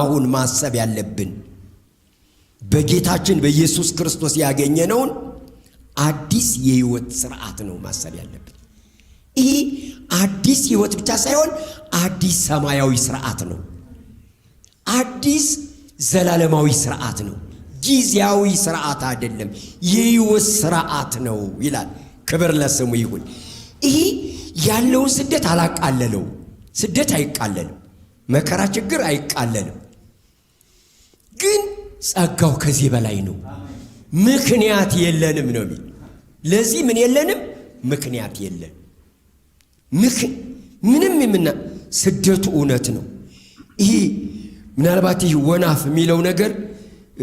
አሁን ማሰብ ያለብን በጌታችን በኢየሱስ ክርስቶስ ያገኘነውን አዲስ የህይወት ስርዓት ነው ማሰብ ያለብን። ይህ አዲስ ህይወት ብቻ ሳይሆን አዲስ ሰማያዊ ስርዓት ነው። አዲስ ዘላለማዊ ስርዓት ነው። ጊዜያዊ ስርዓት አይደለም፣ የህይወት ስርዓት ነው ይላል። ክብር ለስሙ ይሁን። ይህ ያለውን ስደት አላቃለለው። ስደት አይቃለልም። መከራ ችግር አይቃለልም። ጸጋው ከዚህ በላይ ነው። ምክንያት የለንም ነው የሚል። ለዚህ ምን የለንም? ምክንያት የለን። ምንም የምና ስደቱ እውነት ነው። ይህ ምናልባት ይህ ወናፍ የሚለው ነገር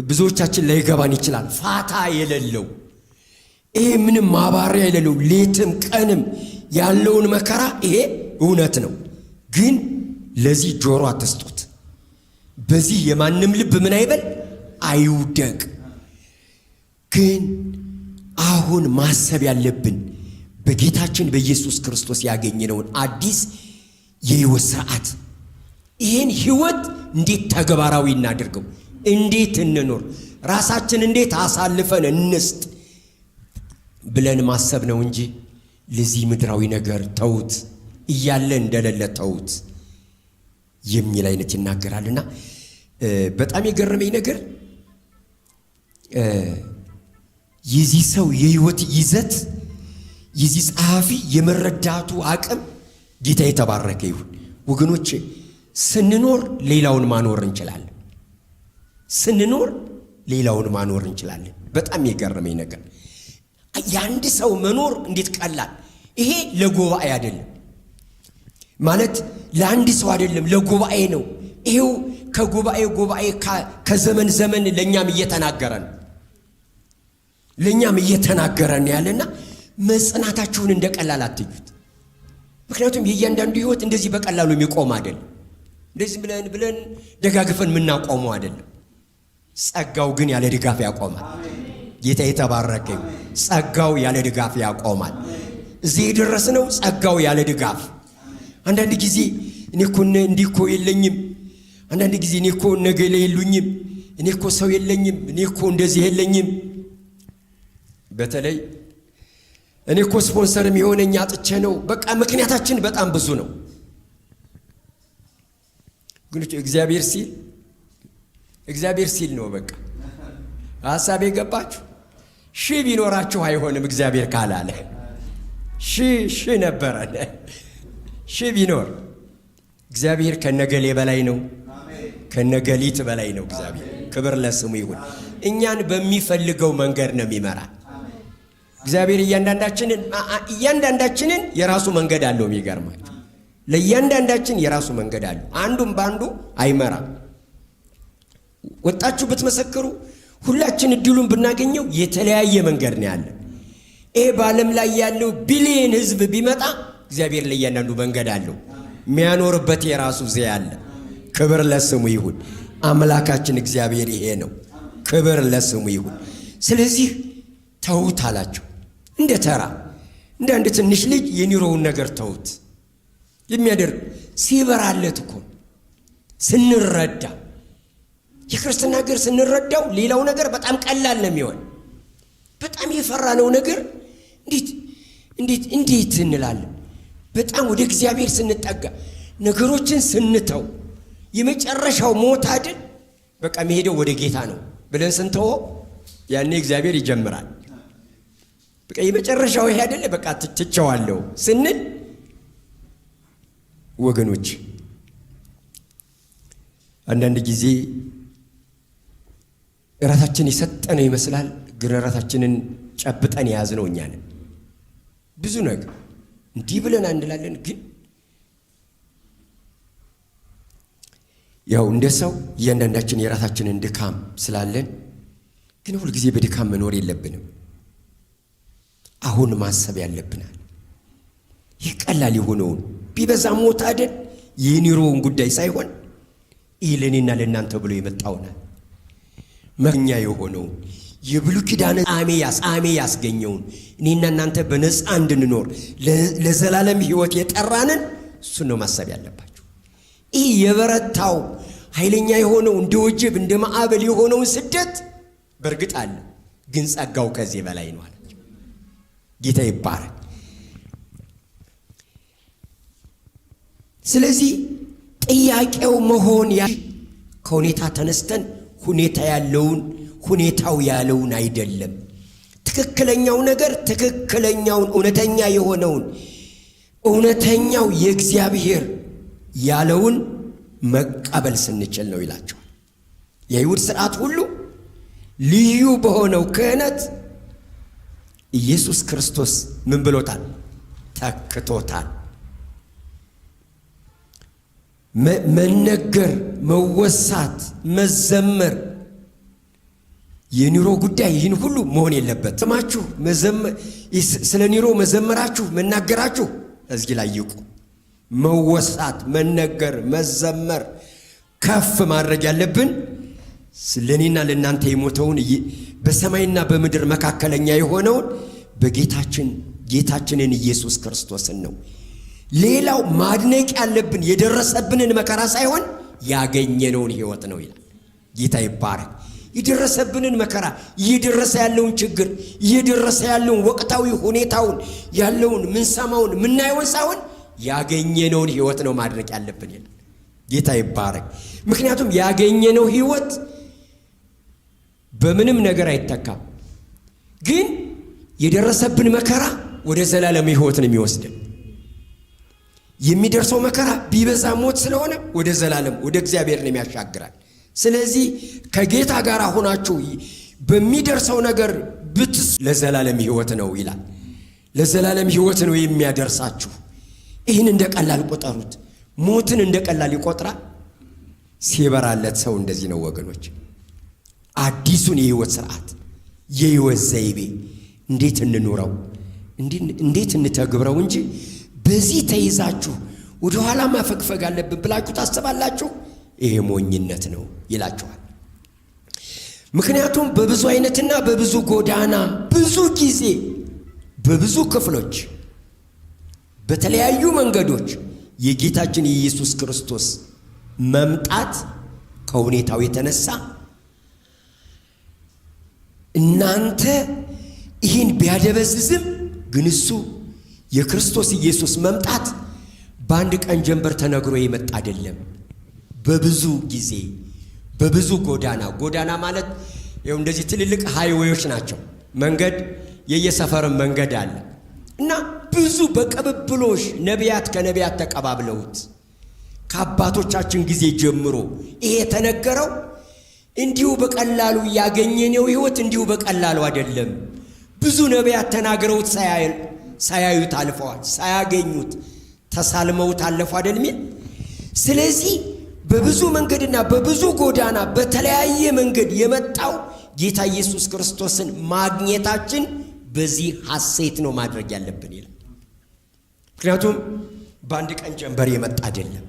ብዙዎቻችን ላይገባን ይችላል። ፋታ የሌለው ይሄ ምንም ማባሪያ የሌለው ሌትም ቀንም ያለውን መከራ ይሄ እውነት ነው። ግን ለዚህ ጆሮ አትስጡት። በዚህ የማንም ልብ ምን አይበል አይውደቅ። ግን አሁን ማሰብ ያለብን በጌታችን በኢየሱስ ክርስቶስ ያገኘነውን አዲስ የህይወት ስርዓት፣ ይህን ህይወት እንዴት ተግባራዊ እናድርገው፣ እንዴት እንኖር፣ ራሳችን እንዴት አሳልፈን እንስጥ ብለን ማሰብ ነው እንጂ ለዚህ ምድራዊ ነገር ተውት እያለ እንደሌለ ተውት የሚል አይነት ይናገራልና በጣም የገረመኝ ነገር የዚህ ሰው የህይወት ይዘት የዚህ ጸሐፊ የመረዳቱ አቅም ጌታ የተባረከ ይሁን። ወገኖች ስንኖር ሌላውን ማኖር እንችላለን። ስንኖር ሌላውን ማኖር እንችላለን። በጣም የገረመኝ ነገር የአንድ ሰው መኖር እንዴት ቀላል! ይሄ ለጉባኤ አይደለም ማለት ለአንድ ሰው አይደለም፣ ለጉባኤ ነው። ይሄው ከጉባኤ ጉባኤ ከዘመን ዘመን ለእኛም እየተናገረ ነው። ለእኛም እየተናገረን ያለና መጽናታችሁን እንደ ቀላል አትዩት። ምክንያቱም የእያንዳንዱ ህይወት እንደዚህ በቀላሉ የሚቆም አይደለም። እንደዚህ ብለን ብለን ደጋግፈን የምናቆመው አይደለም። ጸጋው ግን ያለ ድጋፍ ያቆማል። ጌታ የተባረከ። ጸጋው ያለ ድጋፍ ያቆማል። እዚህ የደረስነው ጸጋው ያለ ድጋፍ። አንዳንድ ጊዜ እኔ እኮ እንዲህ እኮ የለኝም፣ አንዳንድ ጊዜ እኔ እኮ ነገ የሉኝም፣ እኔ እኮ ሰው የለኝም፣ እኔ እኮ እንደዚህ የለኝም በተለይ እኔ እኮ ስፖንሰርም የሆነኝ አጥቼ ነው። በቃ ምክንያታችን በጣም ብዙ ነው። ግኖች እግዚአብሔር ሲል እግዚአብሔር ሲል ነው። በቃ ሀሳብ የገባችሁ ሺ ቢኖራችሁ አይሆንም። እግዚአብሔር ካላለ ሺ ሺ ነበረ ሺ ቢኖር እግዚአብሔር ከነገሌ በላይ ነው፣ ከነገሊት በላይ ነው። እግዚአብሔር ክብር ለስሙ ይሁን። እኛን በሚፈልገው መንገድ ነው የሚመራ እግዚአብሔር እያንዳንዳችንን እያንዳንዳችንን የራሱ መንገድ አለው። የሚገርማችሁ ለእያንዳንዳችን የራሱ መንገድ አለው። አንዱም በአንዱ አይመራም። ወጣችሁ ብትመሰክሩ ሁላችን እድሉን ብናገኘው የተለያየ መንገድ ነው ያለ። ይሄ በዓለም ላይ ያለው ቢሊየን ህዝብ ቢመጣ እግዚአብሔር ለእያንዳንዱ መንገድ አለው። የሚያኖርበት የራሱ ዘ አለ። ክብር ለስሙ ይሁን። አምላካችን እግዚአብሔር ይሄ ነው። ክብር ለስሙ ይሁን። ስለዚህ ተዉት አላቸው። እንደ ተራ እንደ አንድ ትንሽ ልጅ የኒሮውን ነገር ተውት የሚያደርግ ሲበራለት እኮ ስንረዳ የክርስትና ነገር ስንረዳው ሌላው ነገር በጣም ቀላል ነው የሚሆን። በጣም የፈራነው ነገር እንዴት እንዴት እንዴት እንላለን። በጣም ወደ እግዚአብሔር ስንጠጋ ነገሮችን ስንተው የመጨረሻው ሞት አይደል በቃ መሄደው ወደ ጌታ ነው ብለን ስንተወ ያኔ እግዚአብሔር ይጀምራል። በቃ የመጨረሻው ይሄ አይደለ በቃ ትቸዋለሁ ስንል ወገኖች አንዳንድ ጊዜ እራሳችን የሰጠነው ይመስላል፣ ግን እራሳችንን ጨብጠን የያዝነው እኛ ነን። ብዙ ነገር እንዲህ ብለን እንላለን፣ ግን ያው እንደ ሰው እያንዳንዳችን የራሳችንን ድካም ስላለን፣ ግን ሁልጊዜ በድካም መኖር የለብንም። አሁን ማሰብ ያለብናል። ይህ ቀላል የሆነውን ቢበዛ ሞት አደን የኒሮውን ጉዳይ ሳይሆን ይህ ለእኔና ለእናንተ ብሎ የመጣውና መኛ የሆነውን የብሉይ ኪዳን አሜ ያስገኘውን እኔና እናንተ በነፃ እንድንኖር ለዘላለም ሕይወት የጠራንን እሱን ነው ማሰብ ያለባቸው። ይህ የበረታው ኃይለኛ የሆነው እንደ ወጀብ እንደ ማዕበል የሆነውን ስደት በእርግጥ አለ፣ ግን ጸጋው ከዚህ በላይ ነዋል። ጌታ ይባረክ። ስለዚህ ጥያቄው መሆን ያ ከሁኔታ ተነስተን ሁኔታ ያለውን ሁኔታው ያለውን አይደለም። ትክክለኛው ነገር ትክክለኛውን እውነተኛ የሆነውን እውነተኛው የእግዚአብሔር ያለውን መቀበል ስንችል ነው ይላቸዋል። የይሁድ ስርዓት ሁሉ ልዩ በሆነው ክህነት ኢየሱስ ክርስቶስ ምን ብሎታል? ተክቶታል። መነገር፣ መወሳት፣ መዘመር የኒሮ ጉዳይ ይህን ሁሉ መሆን የለበት። ስማችሁ ስለ ኒሮ መዘመራችሁ፣ መናገራችሁ እዚህ ላይ ይቁ። መወሳት፣ መነገር፣ መዘመር ከፍ ማድረግ ያለብን ለእኔና ለእናንተ የሞተውን በሰማይና በምድር መካከለኛ የሆነውን በጌታችን ጌታችንን ኢየሱስ ክርስቶስን ነው። ሌላው ማድነቅ ያለብን የደረሰብንን መከራ ሳይሆን ያገኘነውን ሕይወት ነው ይላል። ጌታ ይባረክ። የደረሰብንን መከራ እየደረሰ ያለውን ችግር እየደረሰ ያለውን ወቅታዊ ሁኔታውን ያለውን ምንሰማውን ምናየውን ሳይሆን ያገኘነውን ሕይወት ነው ማድነቅ ያለብን ይላል። ጌታ ይባረክ። ምክንያቱም ያገኘነው ሕይወት በምንም ነገር አይተካም። ግን የደረሰብን መከራ ወደ ዘላለም ሕይወት ነው የሚደርሰው መከራ ቢበዛ ሞት ስለሆነ ወደ ዘላለም ወደ እግዚአብሔር ነው የሚያሻግራል። ስለዚህ ከጌታ ጋር ሆናችሁ በሚደርሰው ነገር ብትስ ለዘላለም ህይወት ነው ይላል። ለዘላለም ህይወት ነው የሚያደርሳችሁ። ይህን እንደ ቀላል ቆጠሩት። ሞትን እንደ ቀላል ይቆጥራል? ሲበራለት ሰው እንደዚህ ነው ወገኖች። አዲሱን የህይወት ስርዓት የህይወት ዘይቤ እንዴት እንኑረው፣ እንዴት እንተግብረው እንጂ በዚህ ተይዛችሁ ወደ ኋላ ማፈግፈግ አለብን ብላችሁ ታስባላችሁ። ይሄ ሞኝነት ነው ይላችኋል። ምክንያቱም በብዙ አይነትና በብዙ ጎዳና ብዙ ጊዜ በብዙ ክፍሎች በተለያዩ መንገዶች የጌታችን የኢየሱስ ክርስቶስ መምጣት ከሁኔታው የተነሳ እናንተ ይህን ቢያደበዝዝም ግን እሱ የክርስቶስ ኢየሱስ መምጣት በአንድ ቀን ጀንበር ተነግሮ የመጣ አይደለም። በብዙ ጊዜ በብዙ ጎዳና ጎዳና ማለት ይኸው እንደዚህ ትልልቅ ሃይዌዎች ናቸው። መንገድ የየሰፈርን መንገድ አለ እና ብዙ በቅብብሎሽ ነቢያት ከነቢያት ተቀባብለውት ከአባቶቻችን ጊዜ ጀምሮ ይሄ የተነገረው እንዲሁ በቀላሉ ያገኘነው ህይወት እንዲሁ በቀላሉ አይደለም። ብዙ ነቢያት ተናግረውት ሳያዩት አልፈዋል፣ ሳያገኙት ተሳልመውት አለፉ አይደል ሚል ስለዚህ በብዙ መንገድና በብዙ ጎዳና በተለያየ መንገድ የመጣው ጌታ ኢየሱስ ክርስቶስን ማግኘታችን በዚህ ሐሴት ነው ማድረግ ያለብን ይላል። ምክንያቱም በአንድ ቀን ጀንበር የመጣ አይደለም።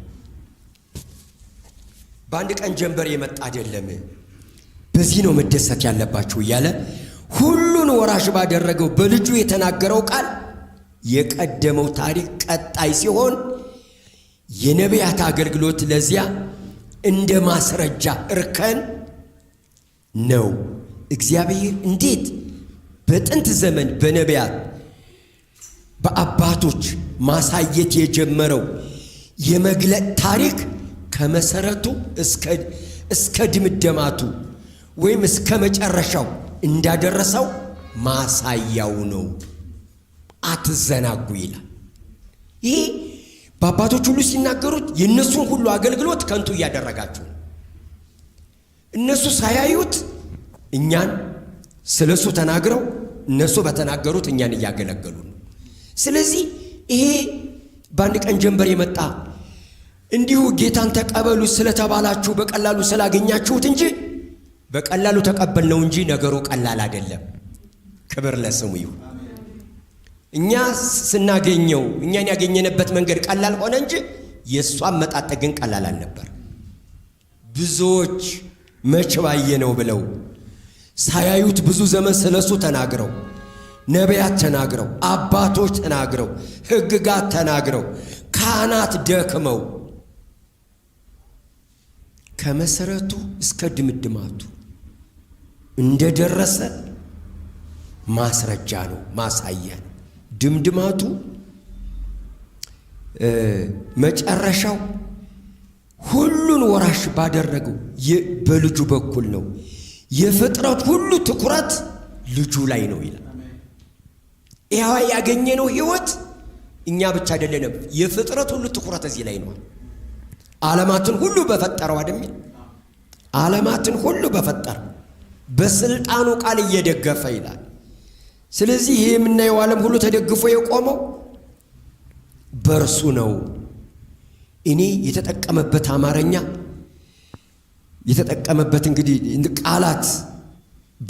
በአንድ ቀን ጀንበር የመጣ አይደለም። በዚህ ነው መደሰት ያለባችሁ እያለ ሁሉን ወራሽ ባደረገው በልጁ የተናገረው ቃል የቀደመው ታሪክ ቀጣይ ሲሆን የነቢያት አገልግሎት ለዚያ እንደ ማስረጃ እርከን ነው። እግዚአብሔር እንዴት በጥንት ዘመን በነቢያት በአባቶች ማሳየት የጀመረው የመግለጥ ታሪክ ከመሰረቱ እስከ ድምደማቱ ወይም እስከ መጨረሻው እንዳደረሰው ማሳያው ነው። አትዘናጉ ይላል። ይሄ በአባቶች ሁሉ ሲናገሩት የእነሱን ሁሉ አገልግሎት ከንቱ እያደረጋችሁ ነው። እነሱ ሳያዩት እኛን ስለ እሱ ተናግረው እነሱ በተናገሩት እኛን እያገለገሉ ነው። ስለዚህ ይሄ በአንድ ቀን ጀንበር የመጣ እንዲሁ ጌታን ተቀበሉ ስለተባላችሁ በቀላሉ ስላገኛችሁት እንጂ በቀላሉ ተቀበል ነው እንጂ ነገሩ ቀላል አይደለም። ክብር ለስሙ ይሁን። እኛ ስናገኘው እኛን ያገኘንበት መንገድ ቀላል ሆነ እንጂ የእሷ አመጣጠ ግን ቀላል አልነበር። ብዙዎች መቼ ባየ ነው ብለው ሳያዩት ብዙ ዘመን ስለሱ ተናግረው ነቢያት ተናግረው አባቶች ተናግረው ሕግጋት ተናግረው ካህናት ደክመው ከመሰረቱ እስከ ድምድማቱ እንደደረሰ ማስረጃ ነው፣ ማሳያ ነው። ድምድማቱ መጨረሻው ሁሉን ወራሽ ባደረገው በልጁ በኩል ነው። የፍጥረት ሁሉ ትኩረት ልጁ ላይ ነው ይላል። ይኸዋ ያገኘነው ህይወት እኛ ብቻ አይደለንም። የፍጥረት ሁሉ ትኩረት እዚህ ላይ ነው። ዓለማትን ሁሉ በፈጠረው አይደል? ዓለማትን ሁሉ በፈጠረው በስልጣኑ ቃል እየደገፈ ይላል። ስለዚህ ይህ የምናየው ዓለም ሁሉ ተደግፎ የቆመው በእርሱ ነው። እኔ የተጠቀመበት አማርኛ የተጠቀመበት እንግዲህ ቃላት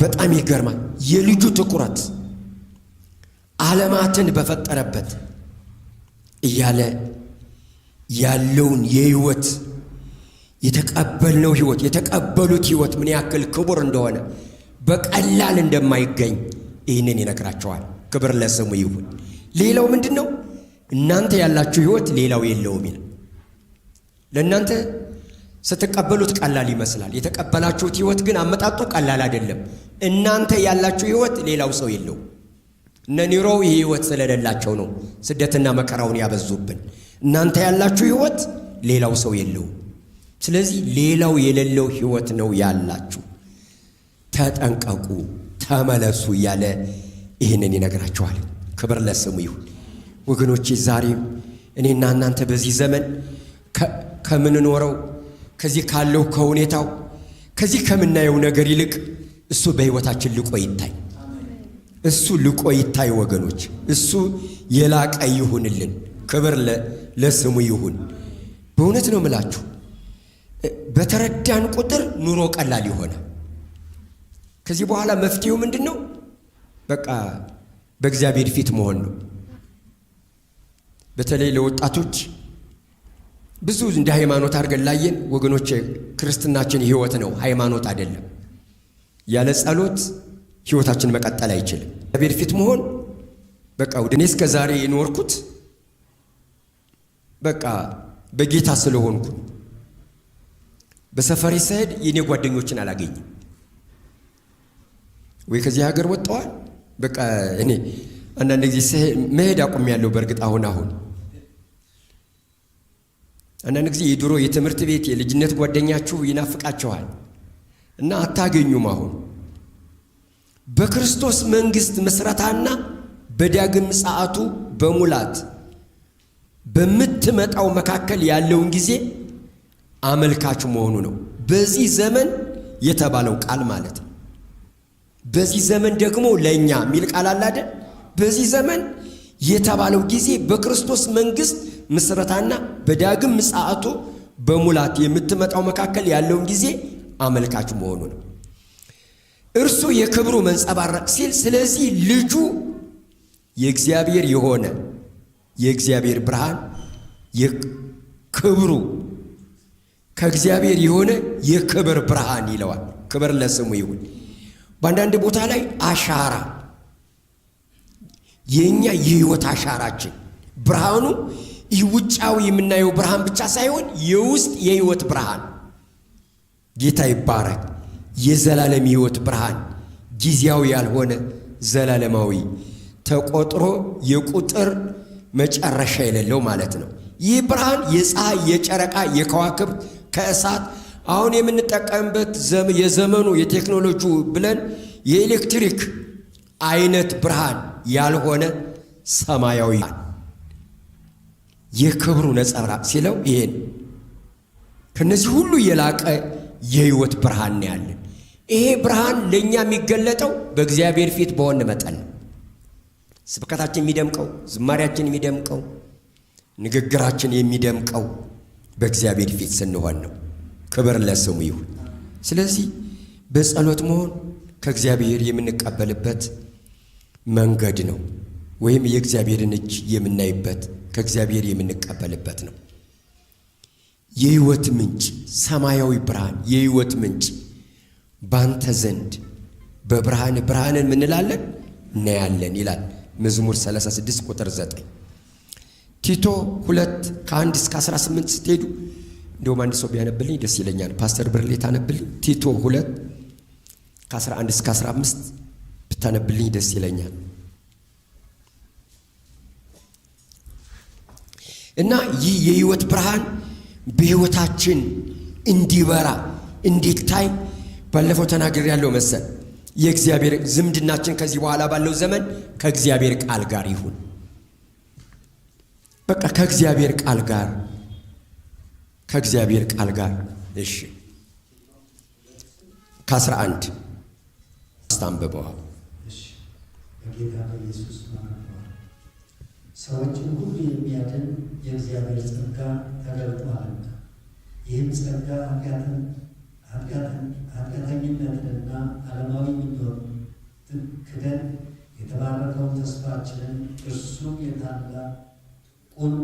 በጣም ይገርማል። የልጁ ትኩረት ዓለማትን በፈጠረበት እያለ ያለውን የህይወት የተቀበልነው ህይወት የተቀበሉት ህይወት ምን ያክል ክቡር እንደሆነ በቀላል እንደማይገኝ ይህንን ይነግራቸዋል። ክብር ለስሙ ይሁን። ሌላው ምንድን ነው? እናንተ ያላችሁ ህይወት ሌላው የለውም ይላል። ለእናንተ ስትቀበሉት ቀላል ይመስላል። የተቀበላችሁት ህይወት ግን አመጣጡ ቀላል አይደለም። እናንተ ያላችሁ ህይወት ሌላው ሰው የለውም። እነ ኒሮው ይህ ህይወት ስለሌላቸው ነው ስደትና መከራውን ያበዙብን። እናንተ ያላችሁ ህይወት ሌላው ሰው የለው። ስለዚህ ሌላው የሌለው ህይወት ነው ያላችሁ። ተጠንቀቁ፣ ተመለሱ እያለ ይህንን ይነግራችኋል። ክብር ለስሙ ይሁን። ወገኖቼ ዛሬም እኔና እናንተ በዚህ ዘመን ከምንኖረው ከዚህ ካለው ከሁኔታው ከዚህ ከምናየው ነገር ይልቅ እሱ በህይወታችን ልቆ ይታይ፣ እሱ ልቆ ይታይ። ወገኖች እሱ የላቀ ይሁንልን። ክብር ለስሙ ይሁን። በእውነት ነው ምላችሁ፣ በተረዳን ቁጥር ኑሮ ቀላል ይሆነ። ከዚህ በኋላ መፍትሄው ምንድን ነው? በቃ በእግዚአብሔር ፊት መሆን ነው። በተለይ ለወጣቶች ብዙ እንደ ሃይማኖት አድርገን ላየን ወገኖች፣ ክርስትናችን ህይወት ነው፣ ሃይማኖት አይደለም። ያለ ጸሎት ህይወታችን መቀጠል አይችልም። እግዚአብሔር ፊት መሆን በቃ ወደ እኔ እስከ ዛሬ የኖርኩት በቃ በጌታ ስለሆንኩ በሰፈሬ ሳሄድ የእኔ ጓደኞችን አላገኝም። ወይ ከዚህ ሀገር ወጥተዋል። በቃ እኔ አንዳንድ ጊዜ መሄድ አቁም ያለው በእርግጥ አሁን አሁን አንዳንድ ጊዜ የድሮ የትምህርት ቤት የልጅነት ጓደኛችሁ ይናፍቃችኋል እና አታገኙም። አሁን በክርስቶስ መንግስት ምስረታና በዳግም ሰዓቱ በሙላት በምትመጣው መካከል ያለውን ጊዜ አመልካቹ መሆኑ ነው። በዚህ ዘመን የተባለው ቃል ማለት ነው። በዚህ ዘመን ደግሞ ለእኛ የሚል ቃል አላደ በዚህ ዘመን የተባለው ጊዜ በክርስቶስ መንግስት ምስረታና በዳግም ምጽአቱ በሙላት የምትመጣው መካከል ያለውን ጊዜ አመልካች መሆኑ ነው። እርሱ የክብሩ መንጸባረቅ ሲል፣ ስለዚህ ልጁ የእግዚአብሔር የሆነ የእግዚአብሔር ብርሃን የክብሩ ከእግዚአብሔር የሆነ የክብር ብርሃን ይለዋል። ክብር ለስሙ ይሁን። በአንዳንድ ቦታ ላይ አሻራ የእኛ የህይወት አሻራችን ብርሃኑ ውጫዊ የምናየው ብርሃን ብቻ ሳይሆን የውስጥ የህይወት ብርሃን ጌታ ይባረክ። የዘላለም ህይወት ብርሃን ጊዜያዊ ያልሆነ ዘላለማዊ ተቆጥሮ የቁጥር መጨረሻ የሌለው ማለት ነው። ይህ ብርሃን የፀሐይ፣ የጨረቃ፣ የከዋክብት ከእሳት አሁን የምንጠቀምበት የዘመኑ የቴክኖሎጂ ብለን የኤሌክትሪክ አይነት ብርሃን ያልሆነ ሰማያዊ የክብሩ ነጸብራቅ ሲለው ይሄን ከነዚህ ሁሉ የላቀ የህይወት ብርሃን ያለን። ይሄ ብርሃን ለእኛ የሚገለጠው በእግዚአብሔር ፊት በሆን መጠን ስብከታችን የሚደምቀው፣ ዝማሪያችን የሚደምቀው፣ ንግግራችን የሚደምቀው በእግዚአብሔር ፊት ስንሆን ነው። ክብር ለስሙ ይሁን። ስለዚህ በጸሎት መሆን ከእግዚአብሔር የምንቀበልበት መንገድ ነው፣ ወይም የእግዚአብሔርን እጅ የምናይበት ከእግዚአብሔር የምንቀበልበት ነው። የህይወት ምንጭ ሰማያዊ ብርሃን፣ የህይወት ምንጭ ባንተ ዘንድ በብርሃን ብርሃንን ምንላለን እናያለን ይላል። መዝሙር 36 ቁጥር 9። ቲቶ ሁለት ከአንድ እስከ 18 ስትሄዱ እንደውም አንድ ሰው ቢያነብልኝ ደስ ይለኛል። ፓስተር ብርሌ ታነብልኝ። ቲቶ ሁለት ከ11 እስከ 15 ብታነብልኝ ደስ ይለኛል። እና ይህ የህይወት ብርሃን በህይወታችን እንዲበራ እንዲታይ ባለፈው ተናግሬ ያለው መሰል የእግዚአብሔር ዝምድናችን ከዚህ በኋላ ባለው ዘመን ከእግዚአብሔር ቃል ጋር ይሁን። በቃ ከእግዚአብሔር ቃል ጋር ከእግዚአብሔር ቃል ጋር እሺ። ከአስራ አንድ አስታንብበዋል። በጌታ በኢየሱስ ሰዎችን ሁሉ የሚያድን የእግዚአብሔር ጸጋ ተገልጧል። ይህም ጸጋ ኃጢአትን ኃጢአተኝነትንና ዓለማዊ ምኞትን ክደን የተባረከውን ተስፋችንን እርሱም የታላቁን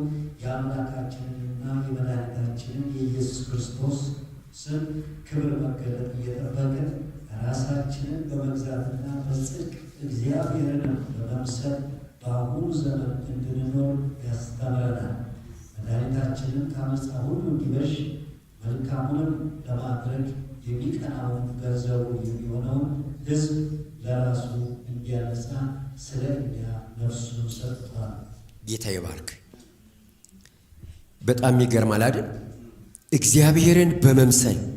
የአምላካችንንና የመድኃኒታችንን የኢየሱስ ክርስቶስ ስም ክብር መገለጥ እየጠበቅን ራሳችንን በመግዛትና በጽድቅ እግዚአብሔርን በመምሰል በአሁኑ ዘመን እንድንኖር ያስተምረናል። መድኃኒታችንን ከዓመፃ ሁሉ እንዲበሽ መልካሙንም ለማድረግ የሚቀናውን ገንዘቡ የሚሆነውን ሕዝብ ለራሱ እንዲያነጻ ስለ እኛ ነፍሱን ሰጥቷል። ጌታ ይባርክ። በጣም ይገርማል አይደል? እግዚአብሔርን በመምሰል